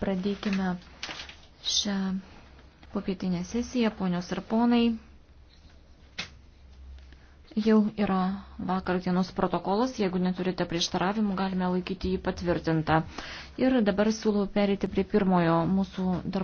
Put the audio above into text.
Pradėkime šią popietinę sesiją, ponios ir ponai. Jau yra vakar dienos protokolas, jeigu neturite prieštaravimų, galime laikyti jį patvirtintą. Ir dabar siūlau perėti prie pirmojo mūsų darbo.